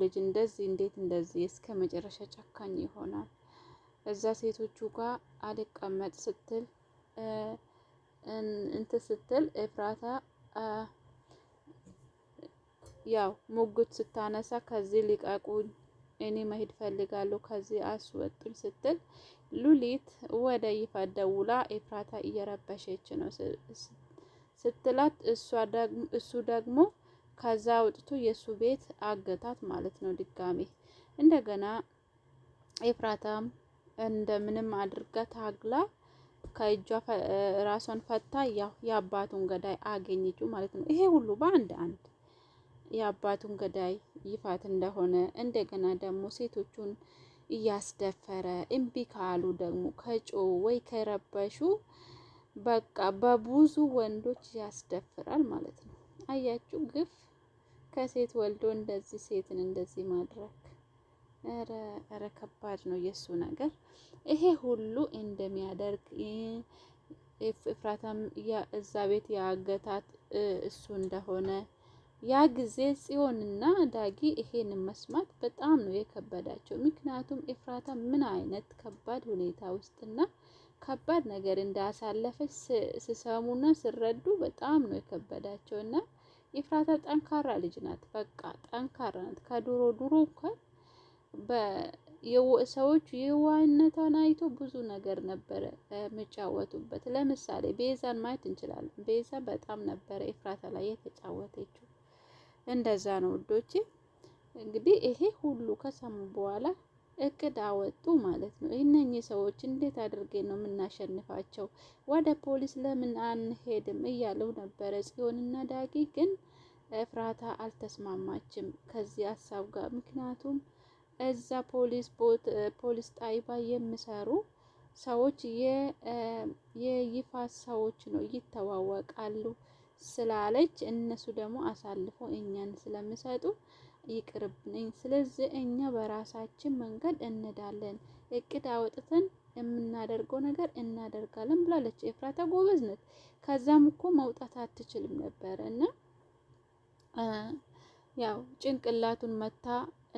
ልጅ እንደዚህ እንዴት እንደዚህ እስከ መጨረሻ ጨካኝ ይሆናል? እዛ ሴቶቹ ጋር አልቀመጥ ስትል እንት ስትል ኤፍራታ ያው ሙጉት ስታነሳ ከዚህ ሊቀቁኝ፣ እኔ መሄድ ፈልጋለሁ፣ ከዚህ አስወጡኝ ስትል ሉሊት ወደ ይፋ ደውላ ኤፍራታ እየረበሸች ነው ስትላት እሱ ደግሞ ከዛ አውጥቶ የእሱ ቤት አገታት ማለት ነው ድጋሜ። እንደገና ኤፍራታም እንደምንም አድርጋ ታግላ ከእጇ ራሷን ፈታ የአባቱን ገዳይ አገኘችው ማለት ነው። ይሄ ሁሉ በአንድ አንድ የአባቱን ገዳይ ይፋት እንደሆነ እንደገና ደግሞ ሴቶቹን እያስደፈረ እምቢ ካሉ ደግሞ ከጮ ወይ ከረበሹ በቃ በብዙ ወንዶች ያስደፍራል ማለት ነው። አያችሁ ግፍ ከሴት ወልዶ እንደዚህ ሴትን እንደዚህ ማድረግ ረ ከባድ ነው የእሱ ነገር። ይሄ ሁሉ እንደሚያደርግ ኤፍራታም እዛ ቤት ያገታት እሱ እንደሆነ ያ ጊዜ ጽዮንና ዳጊ ይሄን መስማት በጣም ነው የከበዳቸው። ምክንያቱም ኤፍራታ ምን አይነት ከባድ ሁኔታ ውስጥና ከባድ ነገር እንዳሳለፈች ስሰሙና ስረዱ በጣም ነው የከበዳቸውና ኤፍራታ ጠንካራ ልጅ ናት። በቃ ጠንካራ ናት። ከድሮ ድሮ እንኳን ሰዎች የዋህነቷን አይቶ ብዙ ነገር ነበረ የሚጫወቱበት። ለምሳሌ ቤዛን ማየት እንችላለን። ቤዛ በጣም ነበረ ኤፍራታ ላይ የተጫወተችው። እንደዛ ነው ውዶቼ። እንግዲህ ይሄ ሁሉ ከሰሙ በኋላ እቅድ አወጡ ማለት ነው። እነኚህ ሰዎች እንዴት አድርጌ ነው የምናሸንፋቸው? ወደ ፖሊስ ለምን አንሄድም? እያለው ነበረ ጽዮንና ዳጊ ግን ፍራታ አልተስማማችም ከዚህ ሀሳብ ጋር ምክንያቱም እዛ ፖሊስ ፖሊስ ጣይባ የሚሰሩ ሰዎች የይፋ ሰዎች ነው ይተዋወቃሉ ስላለች እነሱ ደግሞ አሳልፎ እኛን ስለሚሰጡ ይቅርብነኝ ስለዚህ እኛ በራሳችን መንገድ እንዳለን እቅድ አውጥተን የምናደርገው ነገር እናደርጋለን ብላለች። ኤፍራታ ጎበዝ ናት። ከዛም እኮ መውጣት አትችልም ነበረ እና ያው ጭንቅላቱን መታ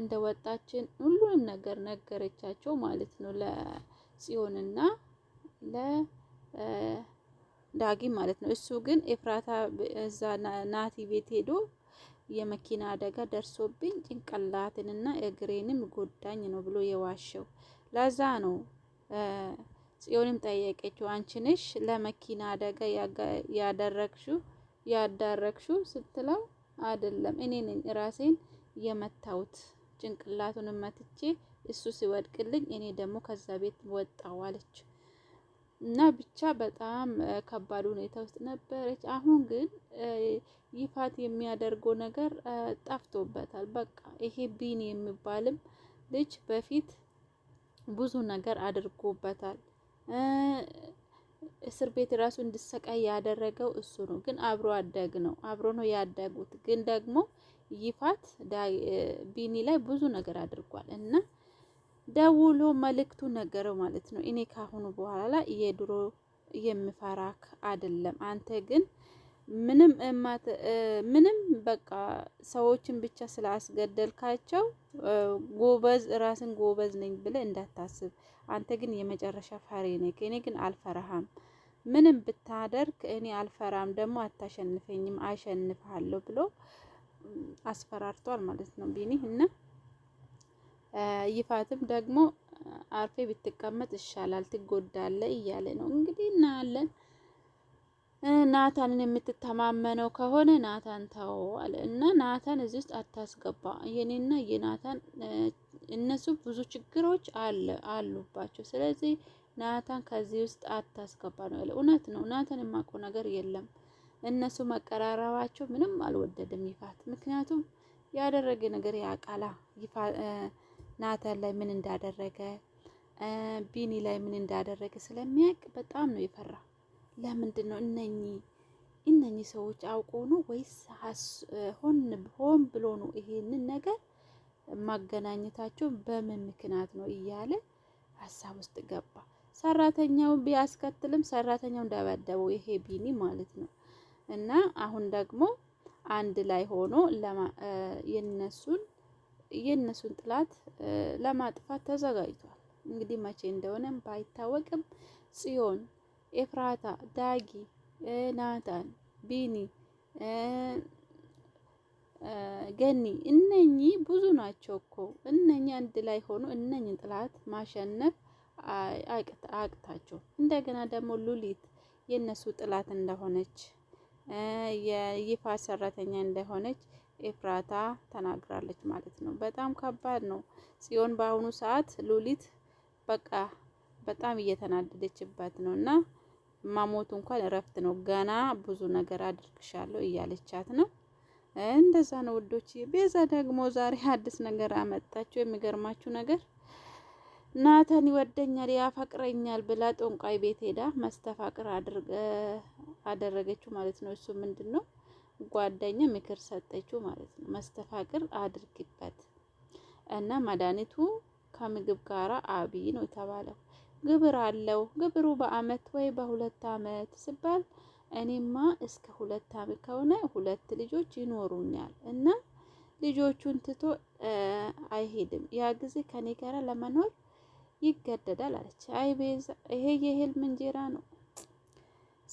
እንደወጣችን ሁሉንም ነገር ነገረቻቸው ማለት ነው ለጽዮንና ለዳጊ ማለት ነው። እሱ ግን ኤፍራታ እዛ ናቲ ቤት ሄዶ የመኪና አደጋ ደርሶብኝ ጭንቅላትንና እግሬንም ጎዳኝ ነው ብሎ የዋሸው። ለዛ ነው ጽዮንም ጠየቀችው፣ አንቺንሽ ለመኪና አደጋ ያደረግሽው ያዳረግሹ ስትለው አይደለም እኔ ነኝ ራሴን የመታውት ጭንቅላቱን መትቼ እሱ ሲወድቅልኝ እኔ ደግሞ ከዛ ቤት ወጣው አለች። እና ብቻ በጣም ከባድ ሁኔታ ውስጥ ነበረች። አሁን ግን ይፋት የሚያደርገው ነገር ጠፍቶበታል። በቃ ይሄ ቢኒ የሚባልም ልጅ በፊት ብዙ ነገር አድርጎበታል። እስር ቤት ራሱ እንዲሰቃይ ያደረገው እሱ ነው። ግን አብሮ አደግ ነው፣ አብሮ ነው ያደጉት። ግን ደግሞ ይፋት ቢኒ ላይ ብዙ ነገር አድርጓል እና ደውሎ መልእክቱ ነገረው ማለት ነው። እኔ ካሁኑ በኋላ የድሮ የምፈራክ አይደለም። አንተ ግን ምንም ምንም በቃ ሰዎችን ብቻ ስላስገደልካቸው ጎበዝ ራስን ጎበዝ ነኝ ብለ እንዳታስብ። አንተ ግን የመጨረሻ ፈሬ ነ እኔ ግን አልፈራሃም። ምንም ብታደርግ እኔ አልፈራም። ደግሞ አታሸንፈኝም፣ አሸንፍሃለሁ ብሎ አስፈራርቷል ማለት ነው ቢኒ እና ይፋትም ደግሞ አርፌ ብትቀመጥ ይሻላል ትጎዳለ እያለ ነው እንግዲህ እናያለን። ናታንን የምትተማመነው ከሆነ ናታን ተው እና ናታን እዚህ ውስጥ አታስገባ። የኔና የናታን እነሱ ብዙ ችግሮች አለ አሉባቸው። ስለዚህ ናታን ከዚህ ውስጥ አታስገባ ነው ያለ። እውነት ነው። ናታን የማቆ ነገር የለም። እነሱ መቀራረባቸው ምንም አልወደድም ይፋት። ምክንያቱም ያደረገ ነገር ያቃላ ናታን ላይ ምን እንዳደረገ ቢኒ ላይ ምን እንዳደረገ ስለሚያውቅ በጣም ነው የፈራ። ለምንድን ነው እነኚህ እነኚህ ሰዎች አውቆ ነው ወይስ ሆን ሆን ብሎ ነው ይሄንን ነገር ማገናኘታቸው በምን ምክንያት ነው እያለ ሀሳብ ውስጥ ገባ። ሰራተኛው ቢያስከትልም ሰራተኛው እንዳበደበው ይሄ ቢኒ ማለት ነው። እና አሁን ደግሞ አንድ ላይ ሆኖ የነሱን የእነሱን ጥላት ለማጥፋት ተዘጋጅቷል። እንግዲህ መቼ እንደሆነም ባይታወቅም ጽዮን፣ ኤፍራታ፣ ዳጊ፣ ናታን፣ ቢኒ፣ ገኒ እነኚህ ብዙ ናቸው እኮ እነኚህ አንድ ላይ ሆኖ እነኚህን ጥላት ማሸነፍ አቅታቸው እንደገና ደግሞ ሉሊት የእነሱ ጥላት እንደሆነች የይፋ ሰራተኛ እንደሆነች ኤፍራታ ተናግራለች ማለት ነው። በጣም ከባድ ነው ጽዮን በአሁኑ ሰዓት ሉሊት በቃ በጣም እየተናደደችበት ነው እና ማሞቱ እንኳን እረፍት ነው። ገና ብዙ ነገር አድርግሻለሁ እያለቻት ነው። እንደዛ ነው ውዶች። ቤዛ ደግሞ ዛሬ አዲስ ነገር አመጣችው። የሚገርማችሁ ነገር ናተን ይወደኛል ያፈቅረኛል ብላ ጦንቋይ ቤት ሄዳ መስተፋቅር አደረገችው ማለት ነው። እሱ ምንድን ነው ጓደኛ ምክር ሰጠችው ማለት ነው። መስተፋቅር አድርግበት እና መድኃኒቱ ከምግብ ጋራ አብይ ነው የተባለው። ግብር አለው። ግብሩ በአመት ወይ በሁለት አመት ሲባል እኔማ እስከ ሁለት አመት ከሆነ ሁለት ልጆች ይኖሩኛል እና ልጆቹን ትቶ አይሄድም። ያ ጊዜ ከኔ ጋራ ለመኖር ይገደዳል አለች። አይ ቤዛ፣ ይሄ የህልም እንጀራ ነው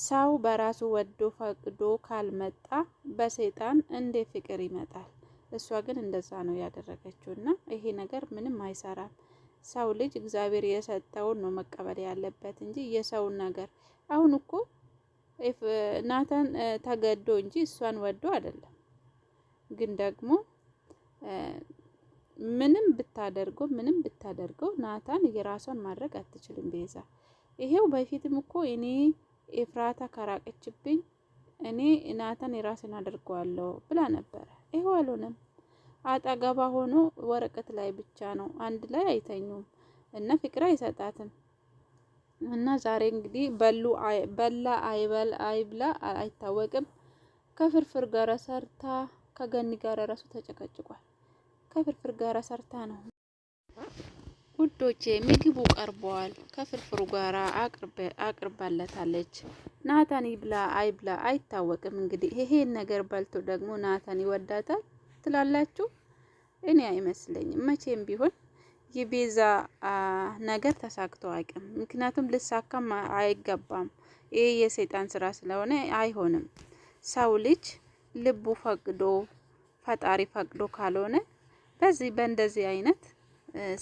ሰው በራሱ ወዶ ፈቅዶ ካልመጣ በሰይጣን እንዴ ፍቅር ይመጣል። እሷ ግን እንደዛ ነው ያደረገችው እና ይሄ ነገር ምንም አይሰራም። ሰው ልጅ እግዚአብሔር የሰጠውን ነው መቀበል ያለበት እንጂ የሰውን ነገር አሁን እኮ uh, ናታን uh, ተገዶ እንጂ እሷን ወዶ አይደለም። ግን ደግሞ uh, ምንም ብታደርገው ምንም ብታደርገው ናታን የራሷን ማድረግ አትችልም ቤዛ። ይሄው በፊትም እኮ እኔ ኤፍራታ ካራቀችብኝ እኔ ናታን የራሴን አድርገዋለሁ ብላ ነበረ። ይሄው አልሆነም። አጠገባ ሆኖ ወረቀት ላይ ብቻ ነው፣ አንድ ላይ አይተኙም እና ፍቅር አይሰጣትም እና ዛሬ እንግዲህ በሉ በላ አይበል አይብላ አይታወቅም። ከፍርፍር ጋር ሰርታ ከገኒ ጋር ራሱ ተጨቀጭቋል። ከፍርፍር ጋር ሰርታ ነው ውዶቼ ምግቡ ቀርቧል። ከፍርፍሩ ጋር አቅርባለታለች። ናታን ይብላ አይብላ አይታወቅም። እንግዲህ ይሄን ነገር በልቶ ደግሞ ናታን ይወዳታል ትላላችሁ? እኔ አይመስለኝም። መቼም ቢሆን የቤዛ ነገር ተሳክቶ አይቅም። ምክንያቱም ልሳካም አይገባም። ይሄ የሰይጣን ስራ ስለሆነ አይሆንም። ሰው ልጅ ልቡ ፈቅዶ ፈጣሪ ፈቅዶ ካልሆነ በዚህ በእንደዚህ አይነት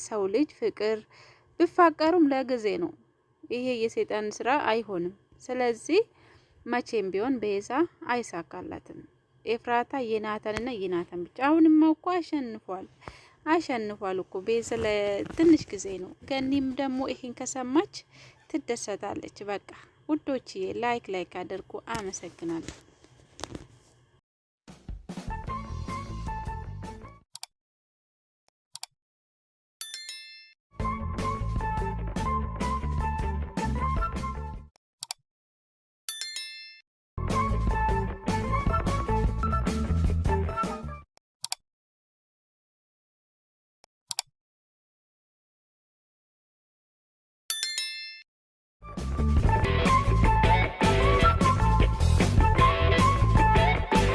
ሰው ልጅ ፍቅር ቢፋቀሩም ለጊዜ ነው። ይሄ የሰይጣን ስራ አይሆንም። ስለዚህ መቼም ቢሆን ቤዛ አይሳካላትም። ኤፍራታ የናታንና የናታን ብቻ አሁንም እኮ አሸንፏል አሸንፏል እኮ ቤዛ ለትንሽ ጊዜ ነው። ገኒም ደግሞ ይሄን ከሰማች ትደሰታለች። በቃ ውዶችዬ ላይክ ላይክ አድርጉ። አመሰግናለሁ።